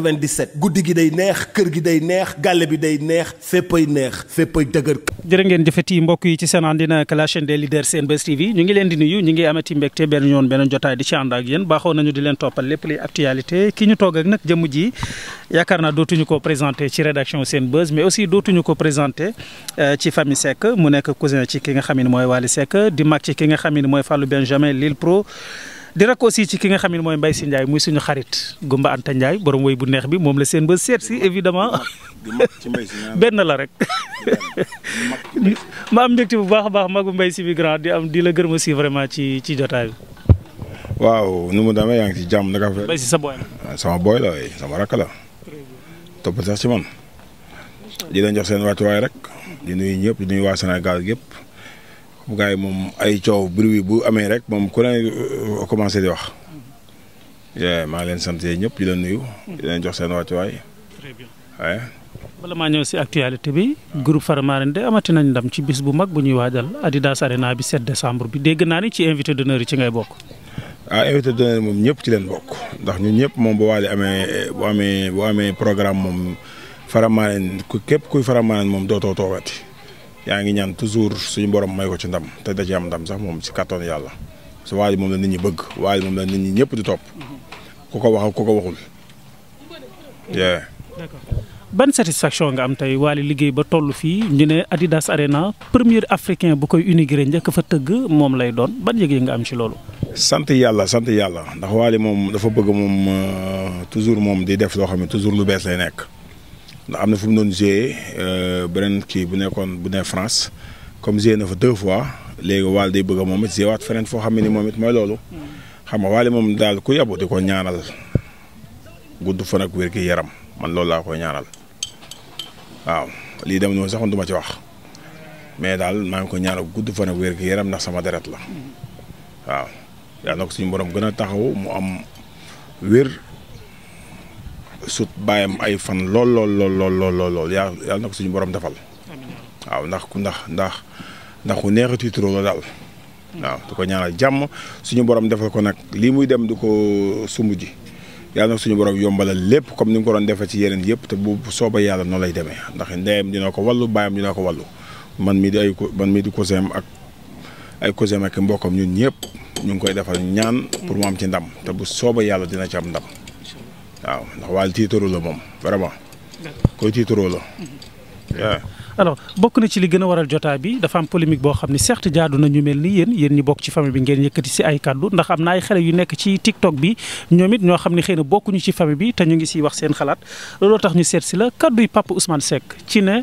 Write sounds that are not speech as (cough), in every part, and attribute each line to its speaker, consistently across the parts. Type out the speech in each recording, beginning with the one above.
Speaker 1: 97 guddi gi day neex kër gi day neex gàlle bi day neex féppay neex féppay
Speaker 2: dëgër. jërë ngeen jëfati mbokk yi ci seen àndina ak la chaîne des leaders Senbuzz TV ñu ngi leen di nuyu ñu ngi amati mbégte benn yoon beneen jotaay di ci ànd ak baaxoo nañu di leen toppal lépp luy actualité ki ñu toog ak nag jëmm ji yaakaar naa dootuñu ko présenté ci rédaction Senbuzz mais aussi dootuñu ko présenté euh, ci famille Seck mu nekk cousin ci ki nga xam ne mooy Wally Seck di mag ki nga xam ne mooy Fallou Benjamin Lille Pro. di rak aussi ci ki nga xam ne mooy Mbaye si Ndiaye muy suñu xarit Gumba Anta Ndiaye woy bu neex bi moom la seen ba seet si évidemment benn la rek ma am mbégte bu baax a baax magu mbay si bi grand di am di la gërëm si vraiment ci ci jotaay bi.
Speaker 1: waaw nu mu demee yaa ngi ci jàmm naka. Mbaye Sy sa booy la ah, sama booy la waaye sama rakk la topp sax ci man di leen jox seen wàccuwaay rek di nuy ñëpp di nuyu waa Sénégal yëpp. gars yi moom ay coow bruit bu amee rek moom ku ne euh, commencé di wax. maa ngi leen sant ñëpp di leen nuyu. leen jox seen wàccuwaay. très bien waaye.
Speaker 2: bala maa ñëw si actualité bi. groupe Faramaréne de amati nañ ndam ci bis bu mag bu ñuy waajal Adidas Arena bi 7 décembre bi dégg naa ni ci invité d'honneur
Speaker 1: yi ci ngay bokk. ah invité d'honneur moom ñëpp ci leen bokk ndax ñun ñëpp moom bu waale amee bu amee bu amee programme moom Faramaréne ku képp kuy Faramaréne moom dootoo toogati. yaa ngi ñaan toujours suñu borom may ko ci ndam te da ci am ndam sax moom si kàttan yàlla su waa moom la nit ñi bëgg waa moom la nit ñi ñëpp di topp ku ko wax ku ko waxul. d'accord
Speaker 2: ban satisfaction nga am tey Wally liggéey ba toll fii ñu ne Adidas Arena premier africain bu koy unigré njëkk fa tëgg moom lay doon ban yëg nga am ci
Speaker 1: loolu. sant yàlla sant yàlla ndax Wally moom dafa bëgg moom euh, toujours moom di def loo xam ne toujours lu bees lay nekk. ndax am na fu mu doon joué euh, beneen kii bu nekkoon bu ne France comme joué na fa deux fois léegi waal day bëgg moom it joué waat feneen foo xam ne ni moom it mooy loolu. xam nga waale moom daal ku yabu di ko ñaanal gudd fan ak wér gi yaram man loolu laa ko ñaanal waaw lii dem noonu sax du ma ci wax mais daal maa ngi ko ñaanal gudd fan ak wér gi yaram ndax sama deret la waaw yàlla na ko suñu borom gën a taxaw mu am wér. sut baayam ay fan lool lool lool lool lool lool na ko suñu borom defal. waaw ndax ku ndax ndax ndax ku neexati turoo la daal. waaw du ko ñaanal jàmm suñu borom defal ko nag lii muy dem di ko sumb ji yàlla nag suñu borom yombala lépp comme ni mu ko doon defee ci yeneen yëpp te bu sooba yàlla noonu lay demee ndax ndeyam dina ko wallu baayam dina ko wallu man mii di ay man mii di cousin ak ay cousin ak mbokkam ñun ñëpp ñu ngi koy defal ñaan. pour mu am ci ndam te bu sooba yàlla dina ci am ndam. waaw ndax Wally tiitaroo la moom vraiment. koy tiitaroo la. Mhm.
Speaker 2: alors bokk na ci li gën waral jotaay bi dafa am polémique boo xam ne certes jaadu na ñu mel ni yéen yéen ñi bokk ci famille bi ngeen yëkkati si ay kaddu ndax am na ay xale yu nekk ci TikTok bi ñoom it ñoo xam ne xëy na bokkuñu ci famille bi te ñu ngi siy wax seen xalaat looloo tax ñu seet si la kadduy Papa Ousmane Seck ci ne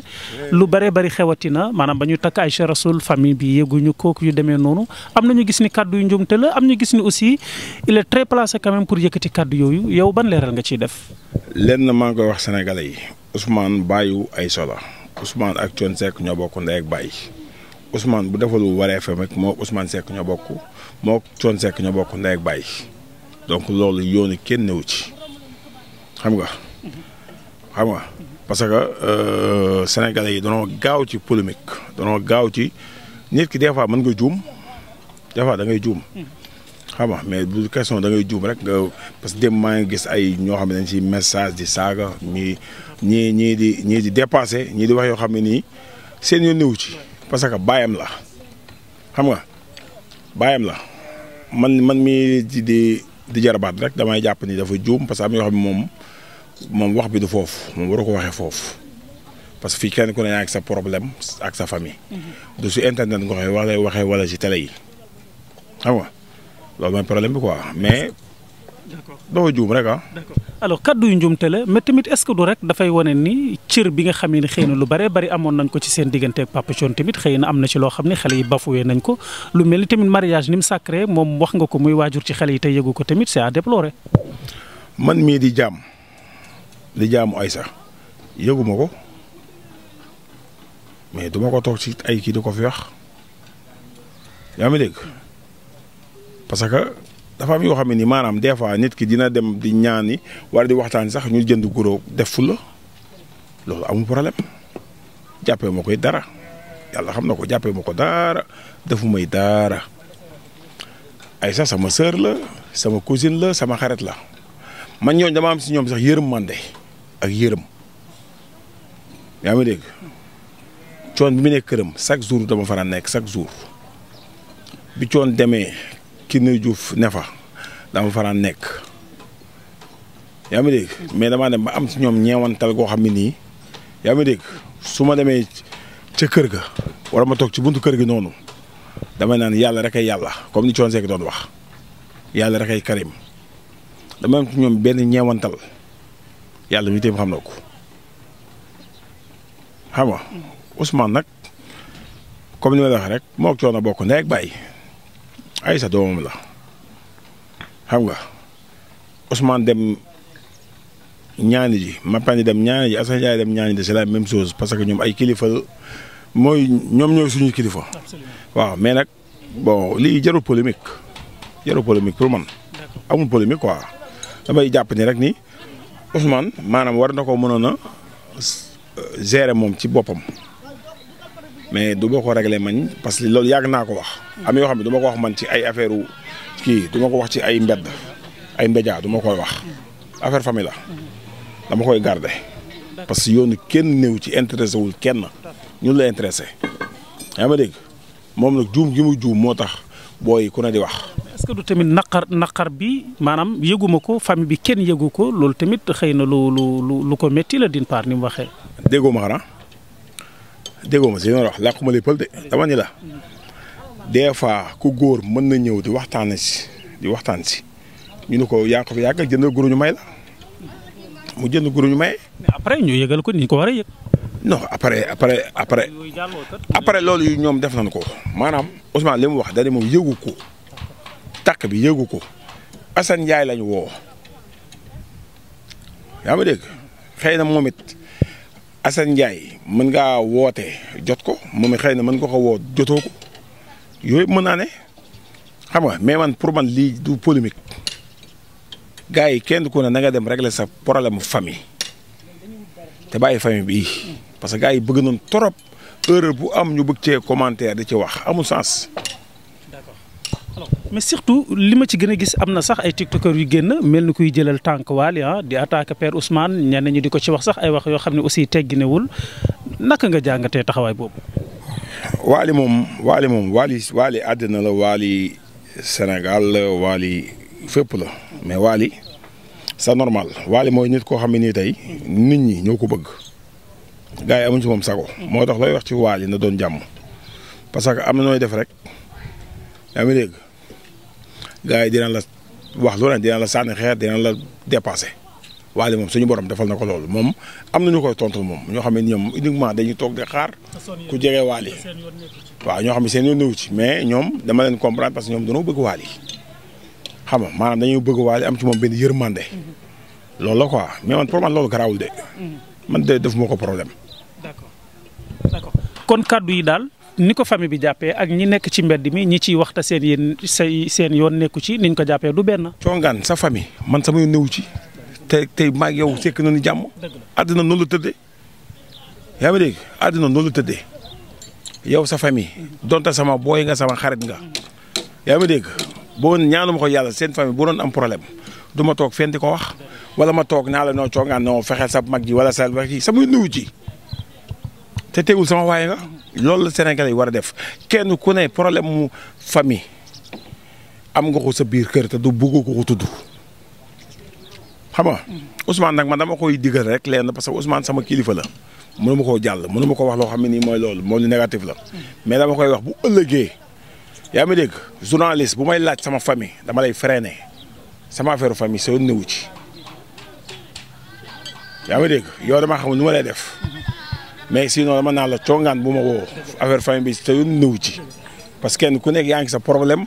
Speaker 2: lu bare bari xewati na maanaam ba ñu takk ay rasul famille bi yëguñu kooku yu demee am na ñu gis ni kàddu yu njumte la am ñu gis ni aussi il est très placé pour yëkkati kàddu yooyu yow ban leeral nga ciy def.
Speaker 1: lenn maa ngi wax sénégalais yi Ousmane bàyyiwu ay solo Ousmane ak Thione Seck ñoo bokk ndey ak baay Ousmane bu defalul wareefam rek moo Ousmane Seck ñoo bokk moo Thione sekk ñoo bokk ndey ak baay donc loolu yoonu kenn newu ci xam nga xam nga parce que euh, sénégalais yi danoo gaaw ci polémique danoo gaaw ci nit ki des fois mën nga juum des fois da ngay juum xam nga mais bu question da ngay juum rek nga parce que démb maa ngi gis ay ñoo xam ne dañ ci message di saaga ñii ñii di ñii di dépassé ñii di wax yoo xam ne nii seen yoon néew ci parce que baayam la xam nga baayam la man man mii di di jarabaat rek damay jàpp ni dafa juum parce que am yoo xam ne moom moom wax bi du foofu moom waru ko waxee foofu parce que fii kenn ku ne ak sa problème ak sa famille. Mhm. du si internet nga koy waxee waxee wala si télé yi xam nga loolu mooy problème bi quoi mais. d'accord doo juum rek ah. d'accord
Speaker 2: alors kaddu yu mais tamit est-ce dafay wane ni cër bi nga xam ne xëy na lu bare bari amoon nañ ko ci seen digganteeg Papa Thione tamit xëy na am na ci loo xam ne xale yi bafoué nañ ko lu mel ni tamit mariage ni mu sacré moom wax nga ko muy waajur ci xale yi te yëgu ko tamit c'est à déplorer.
Speaker 1: man mii di jaam di jaamu Aïssa yëguma ko mais duma ko toog ci ay kii di ko fi wax yaa ngi dégg parce dafa am yoo xam ne ni maanaam des fois nit ki dina dem di ñaani wala di waxtaan sax ñu jënd goro def fu loolu amul problème jàppee ma koy dara yàlla xam na ko jàppee ma ko dara defu may daara ay sax sama sœur la sama cousine la sama xarit la man ñooñ dama am si ñoom sax yërëm mande ak yërëm yaa ngi dégg coon bi mu nekk këram chaque jour dama faral nekk chaque jour bi coon demee Kiné Diouf ne fa dama faraan nekk yaa ma dégg mais damaa dem ba am si ñoom ñeewantal goo xam ne nii yaa ngi dégg su ma demee ca kër ga wala ma toog ci buntu kër gi noonu dama naan yàlla rek ay yàlla comme ni Thione Seck doon wax yàlla rek ay Karim dama am ci ñoom benn ñeewantal yàlla mi itam xam na ko xam nga nag comme ni ma la waxee rek moo ak Thione bokk ndey ak bàyyi Aïssa doomam la xam nga Ousmane dem ñaani ji Mapandi dem ñaani ji Assane Ndiaye dem ñaani ji c'est la même chose parce que ñoom ay kilifa mooy ñoom ñooy suñu kilifa. waaw mais nag bon lii jarul polémique jarul polémique pour man. amul polémique quoi damay jàpp ni rek ni Ousmane maanaam war na ko mënoon a euh, gérer moom ci boppam. mais du ma ko réglé mañ parce que loolu yàgg naa ko wax. am yoo xam ne du ko wax man ci ay affaire kii duma ko wax ci ay mbedd ay mbéjaa du ma koy wax affaire famille la dama koy garder parce que yoon kenn néew ci intéressé wul kenn ñun la intéressé yaa ma dégg moom nag juum gi mu juum moo tax booy ku ne di wax.
Speaker 2: est que du tamit naqar naqar bi maanaam yëguma ko famille bi kenn yëgu ko loolu tamit xëy na
Speaker 1: lu lu lu ko métti la d'une part ni mu waxee. déggoo ma xanaa déggoo ma si li ma wax làquma li pël de dama ni la des fois ku góor mën na ñëw di waxtaan si di waxtaan si ñu ne ko yaa ko fi yàgg jëndal ñu may la mu jënd guru ñu may. mais après ñu yëgal ko ni ko war a yëg. non après après après après loolu ñoom def nañ ko maanaam Ousmane li mu wax da moom yëgu ko takk bi yëgu ko Assane Ndiaye lañ woo yaa ma dégg xëy na moom it Assane Ndiaye mën ngaa woote jot ko moom xëy na mën nga ko woo jotoo ko yooyu mën naa ne xam nga mais man pour man lii du polémique gars yi kenn ku ne na nga dem régler sa problème famille te bàyyi famille bii parce que gars yi bëgg noonu trop heure bu am ñu bëgg cee commentaire di ci wax amul sens. mais
Speaker 2: surtout li ma ci gën a gis am na sax ay tiktokers yu génn mel ni kuy jëlal tànk Wally ah di attaquer Père Ousmane ñenn ñi di ko ci wax sax ay wax yoo xam ne aussi tegginewul naka nga jàngatee taxawaay boobu.
Speaker 1: Wally moom Wally moom Wally Wally àddina la Wally Sénégal la Wally fépp la mais Wally sa normal Wally mooy nit koo xam ne nii tey nit ñi ñoo ko bëgg. gaa yi amuñ ci moom sago. moo tax looy wax ci Wally na doon jàmm parce que am na nooy def rek yaa ngi dégg gars yi dinañ la wax looleen dinañ la sànni xeer dinañ la dépassé waaye moom suñu borom defal na ko loolu moom am na ñu koy tontul moom ñoo xam ne ñoom uniquement dañuy toog di xaar ku jege waal yi waaw ñoo xam ne seen yoon newu ci mais ñoom dama leen comprendre parce que ñoom dañoo bëgg waal yi xam nga maanaam dañuy bëgg waal am ci moom benn yërmande loolu la ko quoi mais man pour man loolu garaawul de mm-hmm. man de def moo ko problème. d'accord d'accord kon
Speaker 2: kàddu yi daal ni ko famille bi jàppee ak ñi nekk ci mbedd mi ñi ciy waxta seen yéen say seen yoon
Speaker 1: nekku ci niñ ko jàppee du benn. congaan sa famille man sama yoon newu ci te tey maa ngi yow sekk nañu jàmm. àddina noonu la tëddee yaa ngi dégg yow sa famille donte sama booy nga sama xarit nga yaa ngi dégg boo ñaanuma ko yàlla seen famille bu doon am problème du ma toog fenn di wala ma toog naa la noo congaan noo fexeel sa mag ji wala sa wax sama newu ci te nga. loolu la Sénégal yi war a def kenn ku ne problème mu famille am nga ko sa biir kër te du bugg ko ko tudd xam nga Ousmane nag ma dama koy digal rek leen parce que Ousmane sama kilifa la mënu koo jàll mënu ma ko wax loo xam ne nii mooy loolu moo lu négatif la mais dama koy wax bu ëllëgee yaa ngi dégg journaliste bu may laaj sama famille dama lay freiné sama affaire famille soo newu ci yaa ngi dégg yow dama xam nu ma lay def. mais sinon dama naa la congaan bu ma woo affaire famille bi te yoon nëw ci parce que ku nekk yaa ngi sa problème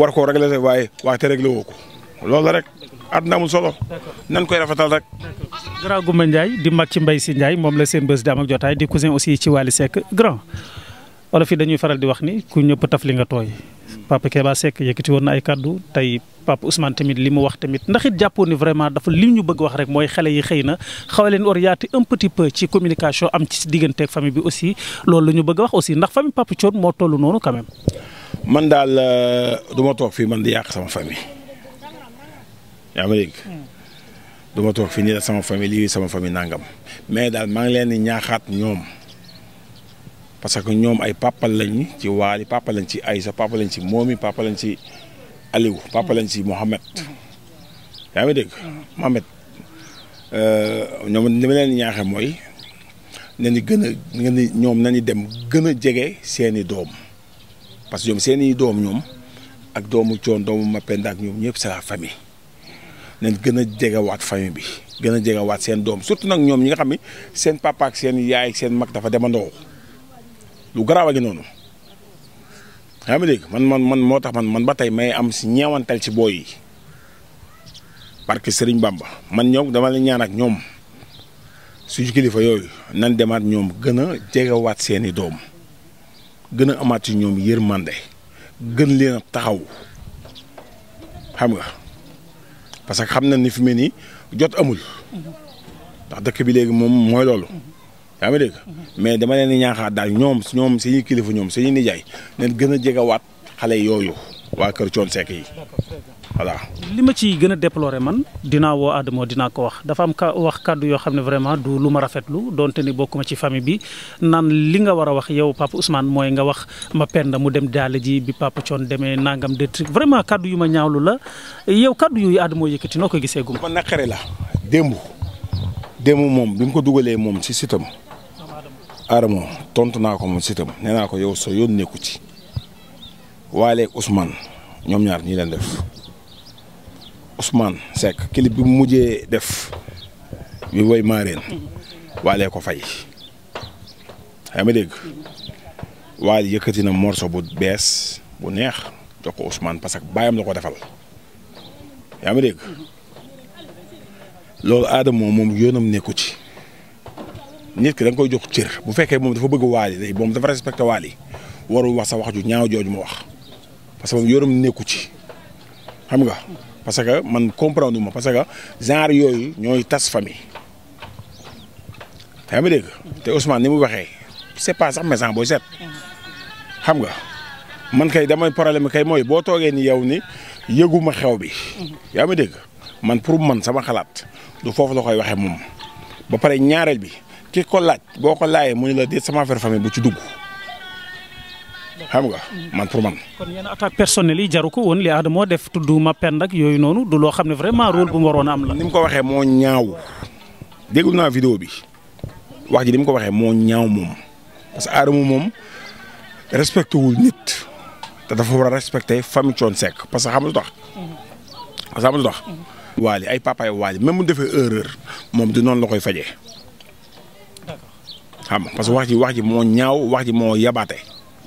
Speaker 1: war koo réglé sa waaye waaye te ko loolu rek àdduna amul solo nan koy rafetal rek.
Speaker 2: grand Goumba Ndiaye di mag ci Mbaye si Ndiaye moom la seen bés di am ak jotaay di cousin aussi ci Wally Seck grand wala fii dañuy faral di wax ni ku ñëpp taf li nga tooy Papa Keba Seck yëkkati woon na ay kaddu tey Papa Ousmane tamit li mu wax tamit ndax it jàppoon vraiment dafa lii ñu bëgg wax rek mooy xale yi xëy na xaw leen orienté un petit peu ci communication am ci digganteeg famille bi aussi loolu la ñu bëgg wax aussi ndax famille Papa Thione moo toll noonu quand même.
Speaker 1: man daal euh, du ma fii man di yàq sama famille yaa ma dégg hmm. du fii nii sama famille lii sama famille nangam mais daal maa ngi leen di ñaaxaat ñoom. parce que ñoom ay papa lañ ci waali papa lañ ci Aïssa papa lañ ci moomi papa lañ ci Aliou papa lañ si Mohamed yaa ngi dégg Mohamed euh, ñoom li ma leen ñaaxe mooy nañu gën a ñoom nañu dem gën a jege seeni doom parce que ñoom seeni doom ñoom ak doomu coon doomu ma Mapenda ak ñoom ñëpp c'est la famille nañ gën a jege jegewaat famille bi gën a jege waat seen doom surtout nag ñoom ñi nga xam ni seen papa ak seen yaay ak seen mag dafa demandoo lu garaaw a ngi noonu. yaa ngi man man man moo tax man man ba tey may am si ñeewantal ci booy yi barke Serigne ba man ñoom dama ñaan ak ñoom suñu kilifa yooyu nan demaat ñoom gën a jegewaat seeni doom gën a amaat ci ñoom yërmande gën leen a taxaw xam nga parce que xam na ni fi mu ne nii jot amul ndax dëkk bi léegi moom mooy loolu. yaa ngi dégg mhm. mais dama leen di ñaaxaat daal ñoom ñoom seen i kilifa ñoom seen i nijaay neen gën a waat xale yooyu waa kër Thione Seck yi voilà.
Speaker 2: li ma ci gën a déploré man dinaa woo Adama dinaa ko wax dafa am ka wax kàddu yoo xam ne vraiment du lu ma rafetlu donte ni bokkuma ci famille bi naan li nga war a wax yow papa Ousmane mooy nga wax ma penda mu dem daale ji bi papa Thione demee nangam de vraiment kàddu yu ma ñaawlu la yow kàddu yooyu Adama yëkkati noo ko gisee gum. ma naqare la
Speaker 1: démb démb moom mu ko dugalee moom si sitam Adamo tontu naa ko moom si itam nee naa ko yow soo yoon nekku ci waaleeg Ousmane ñoom ñaar ñii leen def Ousmane Seck clip bi mu mujjee def bi woy maareen waalee ko fay yaa ma dégg waal yëkkati na morso bu bees bu neex jox ko Ousmane parce que baayam la ko defal yaa ma dégg loolu Adamo moom yoonam nekku ci nit ki da koy jox cër bu fekkee moom dafa bëgg waali day moom dafa respecté waali warul wax sa wax ju ñaaw jooju ma wax parce que moom yoram nekku ci xam nga parce que man comprendre ma parce que genre yooyu ñooy tas famille yaa ma dégg te Ousmane ni mu waxee c'est pas sax méchant booy seet xam nga man kay damay problème kay mooy boo toogee ni yow ni yëguma xew bi yaa ma dégg man pour man sama xalaat du foofu la koy waxee moom ba pare ñaareel bi ki ko laaj boo ko laajee mu ne la déet sama affaire famille bu ci dugg xam nga man pour man.
Speaker 2: kon yéen attaque personnelle jaru ko woon li aada def tudd ma pend ak yooyu noonu du loo xam ne
Speaker 1: vraiment rôle bu mu waroon a am la. ni mu ko waxee moo ñaaw déglu naa vidéo bi wax ji ni mu ko waxee moo ñaaw moom parce que Adama moom respecté wul nit te dafa war a respecté famille Thione Seck parce que xam nga lu tax. Mhm. parce que xam nga lu tax. Mhm. Wally ay papaay Wally même mu defee erreur moom du noonu la koy fajee. xam nga parce que wax ji wax ji moo ñaaw wax ji moo yabaate.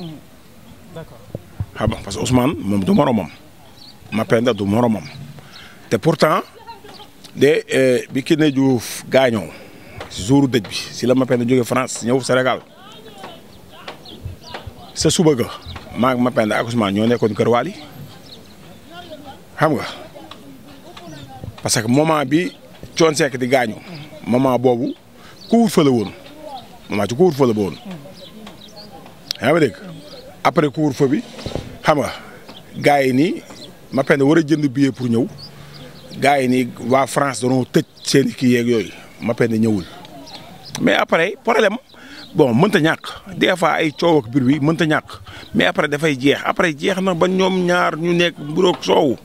Speaker 1: Mm. xam nga parce que Ousmane moom du moromam Mapenda du moromam te pourtant de eh, bi Kine Diouf gaañoo si jouru dëj bi si la Mapenda jóge France ñëw Sénégal sa suba ga maa ñoo nekkoon Kër Waali xam nga parce que moment bi coon sekk di gaañu moment boobu ku wut fa woon. moment ci couvre-feu la boon yaa ngi dégg après couvre-feu bi xam nga gars yi nii ma peine war a jënd billet pour ñëw gars yi nii waa France danoo tëj seen kii yeeg yooyu ma peine ñëwul mais après problème bon mënta ñàkk des fois ay coow ak biir bi mënta ñàkk mais après dafay jeex après jeex na ba ñoom ñaar ñu nekk mburoog soow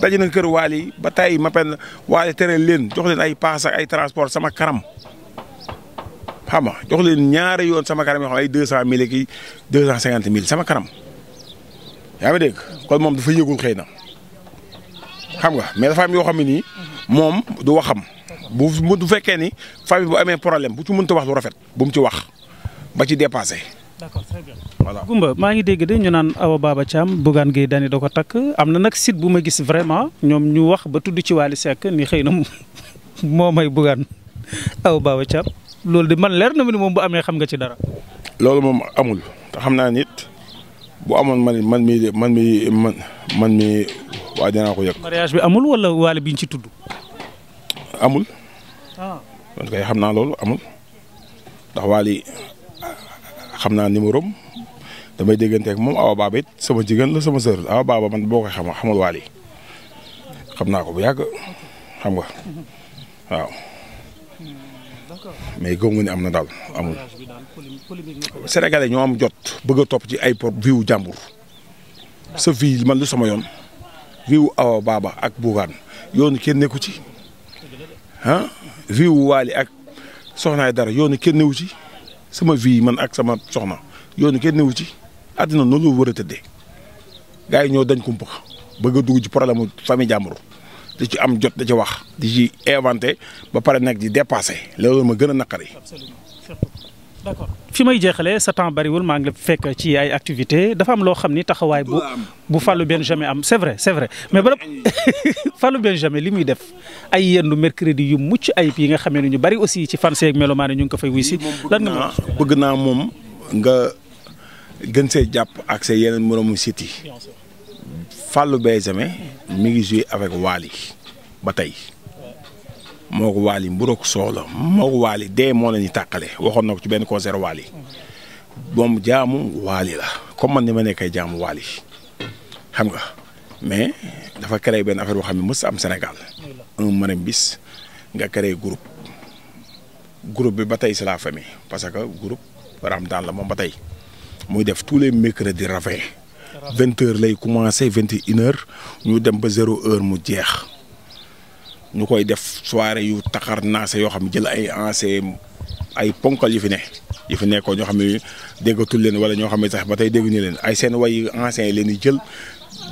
Speaker 1: daje na kër waal yi ba tey ma peine waale tere leen jox leen ay paas ak ay transport sama karam xam nga jox leen ñaari yoon sama kanam yoo xam ay deux cent mille kii deux cent cinquante sama kanam dégg kon moom dafa yëgul xëy na xam nga mais dafa am yoo xam ne nii moom du xam bu du fekkee ni famille bu amee problème bu ci mënta wax lu rafet bu mu ci wax ba ci dépassé. d'accord très bien voilà
Speaker 2: maa ngi dégg de ñu naan Awa Baba Thiam Bougane Gueye Dany da ko takk am na nag site bu ma gis vraiment ñoom ñu wax ba tudd ci Wally Seck ni xëy na (laughs) moo may Bougane Awa Baba Thiam. loolu de man leer na mu ni moom bu amee xam nga ci dara.
Speaker 1: loolu moom amul te xam naa nit boo amoon man man mii man mii man man mii waa dinaa ko yëg.
Speaker 2: mariage bi amul wala waale bi ci tudd. amul. ah
Speaker 1: kon xam naa loolu amul ndax waali xam naa numéro damay dégganteeg moom awa baaba it sama jigéen la sama sœur awa baaba man boo koy xam xamul waali xam naa ko bu yàgg xam nga (laughs) waaw. mais góob mu ne am na daal amul. Sénégalais ñoo am jot bëgg topp ci ay port viwu jàmbur sa vie man sama yoon viwu Awa baaba ak Bougane yoonu kenn nekku ci ah viwu Waly ak soxnaay dara yoonu kenn newu ci sama vie man ak sama soxna yoonu kenn newu ci àddina noonu la war a tëddee gars yi ñoo dañ kumpa bëgg dugg ci problème mu famille jàmbur. di ci am jot da ci wax di ci inventé ba pare nag di dépassé loolu ma gën a naqari.
Speaker 2: d'accord fi may jeexalee sa temps bariwul maa ngi la fekk ci ay activité dafa am loo xam ni taxawaay bu bu benn Benjamin am c'est vrai c'est vrai mais bala (laughs) Fallou Benjamin li muy def ay yendu mercredi yu mucc ayib yi nga xamee ne ñu bari aussi ci fan seek melomaane ñu ngi ko fay wuy si lan nga
Speaker 1: bëgg naa moom nga gën see jàpp ak say yeneen moroomu site yi Fallou Benjamin mi ngi joué avec Wally ba tey moo ko Wally mburook soow la moo ko Wally dee moo la ñu tàqale waxoon na ko ci benn concert Wally moom jaamu Wally la comme man ni ma nekkee jaamu Wally xam nga mais dafa créé benn affaire boo xam ne mës am Sénégal un marim bis nga créé groupe groupe bi ba tey c'est la famille parce que groupe Ramdan la moom ba tey muy def tous les mercredis ravin vingt heures lay commencé vingt et ñu dem ba zéro heure mu jeex ñu koy def soirée yu taxar naase yoo xam ne jël ay anciens ay ponkal yu fi ne yi fi nekkoo ñoo xam ne déggatul leen wala ñoo xam ne sax ba tey dégguñu leen ay seen way anciens yi leen yi jël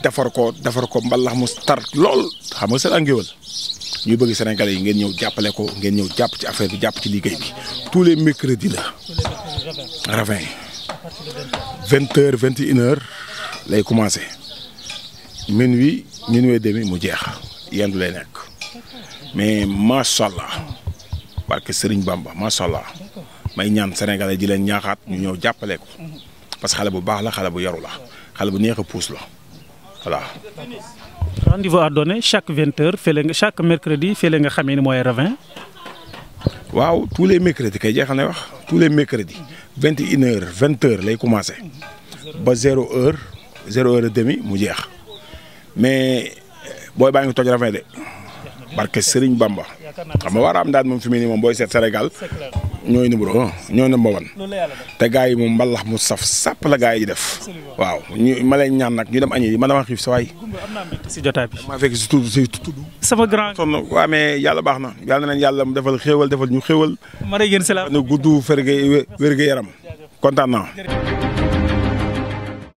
Speaker 1: defar ko defar ko mbalax mu tar lool xam nga seen angéwal ñuy bëgg Sénégalais yi ngeen ñëw jàppale ko ngeen ñëw jàpp ci affaire bi jàpp ci liggéey bi tous les mercredis la. ravin vingt heures vingt lay commencé minuit minuit demi mu jeex yendu lay nekk mais macha parce que Serigne baam macha allah may ñaan sénégalais ji leen ñaaxaat ñu ñëw jàppale ko parce que xale bu baax la xale bu yaru la xale bu neex a puus la voilà.
Speaker 2: rendez-vous à chaque vingt heures fële nga chaque mercredi fële nga xamee ni mooy ravin.
Speaker 1: waaw tous les mercredis kay jeexal na wax tous les mercredis vingt et une heures lay commencé ba zéro heure. zéro heure demi mu jeex mais euh, booy baa ngi toj rafet de barke sëriñ Bamba xam nga war am daal moom fi moom booy seet Sénégal ñooy numéro un ñooy numéro one te gars yi moom mbalax mu saf sàpp la gars yi def waaw ñu ma leen ñaan nag ñu dem añi yi ma dama xiif sa si jotaay bi ma fekk si tudd si tudd. sama grand. sonn waaw yàlla baax na yàlla na yàlla mu defal xéewal defal ñu xéewal. ma lay gën si la. nu gudd ferge yaram kontaan